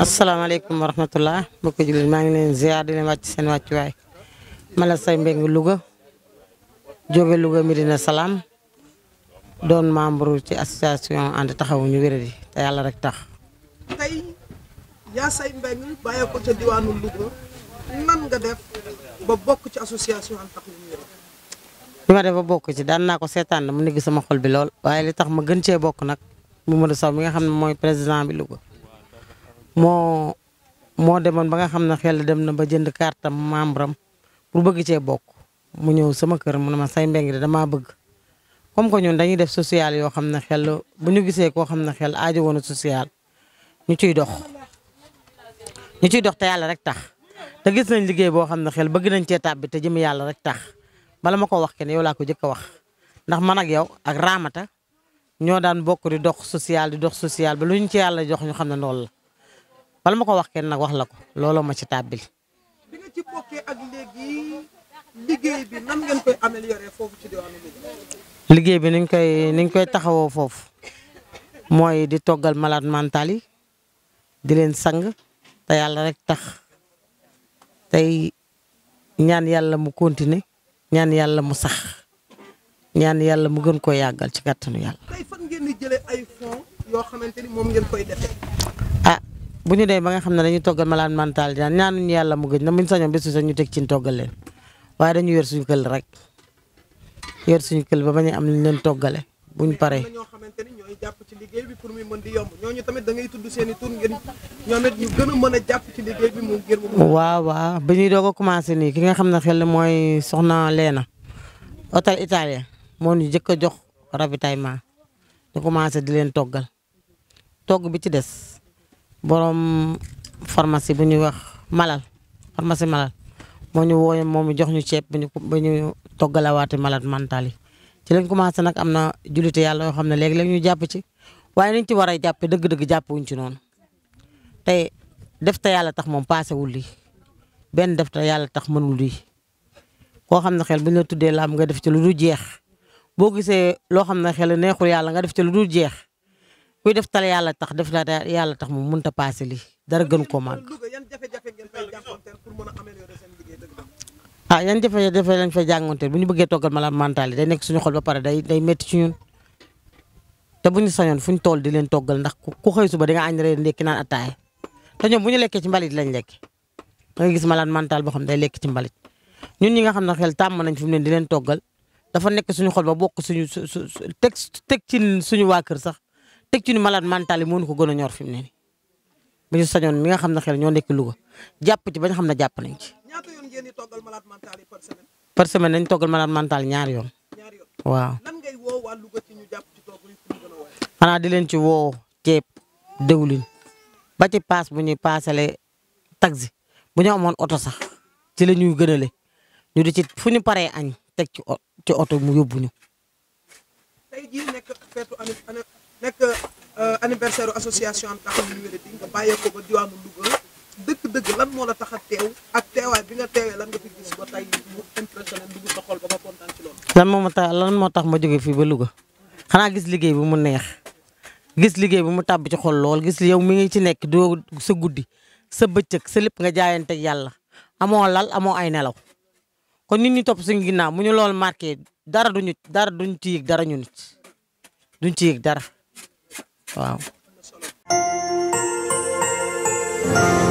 Assalamualaikum wa rahmatulah mbokki jullit maa ngi len ziar di len wacc sen wacc way mala say mbeng Louga joge Louga Medina salam don membre ci association and taxaw ñu di ta yalla rek tax. tay ya say mbeng baye ko ci diwanu Louga nan nga def ba bokk ci association and taxaw ñu wéré ma def ci dan nako setan mu nekk sama xol bi lol waye li tax ma gën bok nak mu Mamadou Sow mi nga xamne moy president bi lugu mo mo demon ba nga xamna xel dem na ba jënd carte am membre am pour bëgg ci bokk mu ñëw sama kër mu ma say mbeng dama bëgg comme ko ñun dañuy def social yo xamna xel bu ñu gisee ko xamna xel aaju woon social ñu ciy dox ñu ciy dox ta yalla rek tax da gis nañ liggéey bo xamna xel bëgg nañ ci tabbi te jëm yalla rek tax bala mako wax ken yow la ko jëk wax ndax man ak yow ak ramata ño daan bokk di dox social di dox social ba luñ ci yalla jox ñu xamna lool la bal mako wax ken nak wax lako lolo ma ci tabil bi nga ci bokke ak legui liggéey bi nan ngeen koy améliorer fofu ci diwanu diwaanu liggéey bi ning koy ning koy taxawoo fofu moy di togal malade mentali di len sang ta yalla rek tax tay ñaan yalla mu continuer ñaan yalla mu sax ñaan yalla mu gën ko yagal ci gattanu yalla tay fan ngeen di jëlé ay fonds yo xamanteni mom ngeen koy defee. ah bu ñu dee ba nga xam ne dañuy toggal malaan mental daan ñaanuñu yàlla mu gëj na muñ sañoon bésu sa ñu teg ci toggal leen waaye dañu yor suñu kël rek yor suñu kël ba bañu am luñ leen toggale buñ paree. ñoo xamante ni ñooy ci liggéey bi pour muy mën di yomb ñooñu tamit da ngay tudd seen i ngeen ñoom it ñu gën a mën ci liggéey bi mu ngir mu. waaw waaw bi ñuy doog a commencé nii ki nga xam ne xel mooy soxna Leena hôtel italien moo ñu jëkk a jox ravitaillement ñu commencé di leen toggal togg bi ci des borom pharmacie bu ñuy wax malal pharmacie malal moo ñu wooye moom jox ñu ceeb bu ñu bu ñu toggalawaate malade mental yi ci lañ commencé nag am na jullite yàlla yoo xam ne léegi léegi ñu jàpp ci waaye nañ ci war a jàppee dëgg-dëgg jàppuñ ci noonu tey def te yàlla tax moom paasewul lii benn def te yàlla tax mënul lii koo xam ne xel bu ñu la tuddee laam nga def ci lu dul jeex boo gisee loo xam ne xel neexul yàlla nga def ci lu dul jeex kuy def tal yalla tax def la yalla tax mu munta passer li dara gën ko mag ah yan jafé jafé lañ fay jangonté buñu bëggé togal toggal malade mental day nek suñu xol ba paré day day metti ci ñun. té buñu sañon fuñ fu di leen togal ndax ku xey suba di nga añ reer ndekki naan attaaya té ñom buñu ñu ci mbalit lañ lekk da nga gis malade mental bo xam day lekk ci mbalit. ñun ñi nga xam na xel tam nañ fi mu di leen togal dafa nek suñu xol ba bokk suñu tek tek ci suñu wa kër sax tek ci ni malade mental mo mënu ko gëna ñor fi mu ne nii ba ñu sañon mi nga xam ne xel ñoo nekk Louga japp ci bañ ñu xam ne jàpp nañ ci. ñaata yoon ngeen di togal malade mental par semaine. par semaine dañu togal malade mental ñaar yoon. ñaari yoon waaw. lan ngay woo waa Louga ci ñu japp ci togg ñu fi mu gën a woowee. di leen ci wo ceeb dëwlin ba ci pass bu ñuy passalé taxi bu ñu amone auto sax ci la ñuy gënale ñu di ci fu ñu paré añ tek ci ci oto mu yobbu ñu. tay tey jii nekk feetu anniversaire association am taxaw ñu di nga ko ba diwanu Louga dëgg-dëgg lan mo la tax téw ak téway bi nga téwé lan nga fi gis ba tay mu impressionné dugg sa xol ba ba kontaan ci lool lan mo ma tax lan mo tax ma joggé fi ba Louga xana gis liggéey bu mu neex gis liggéey bu mu tab ci xol lool gis yow mi ngi ci nekk do sa guddi sa bëccëg sa lepp nga jaayante ak yalla amo lal amo ay nelaw kon nit ñi top suñu ginnaaw mu ñu lool marqué dara duñu dara duñu tiik dara ñu nit duñ ci dara waaw Thank you.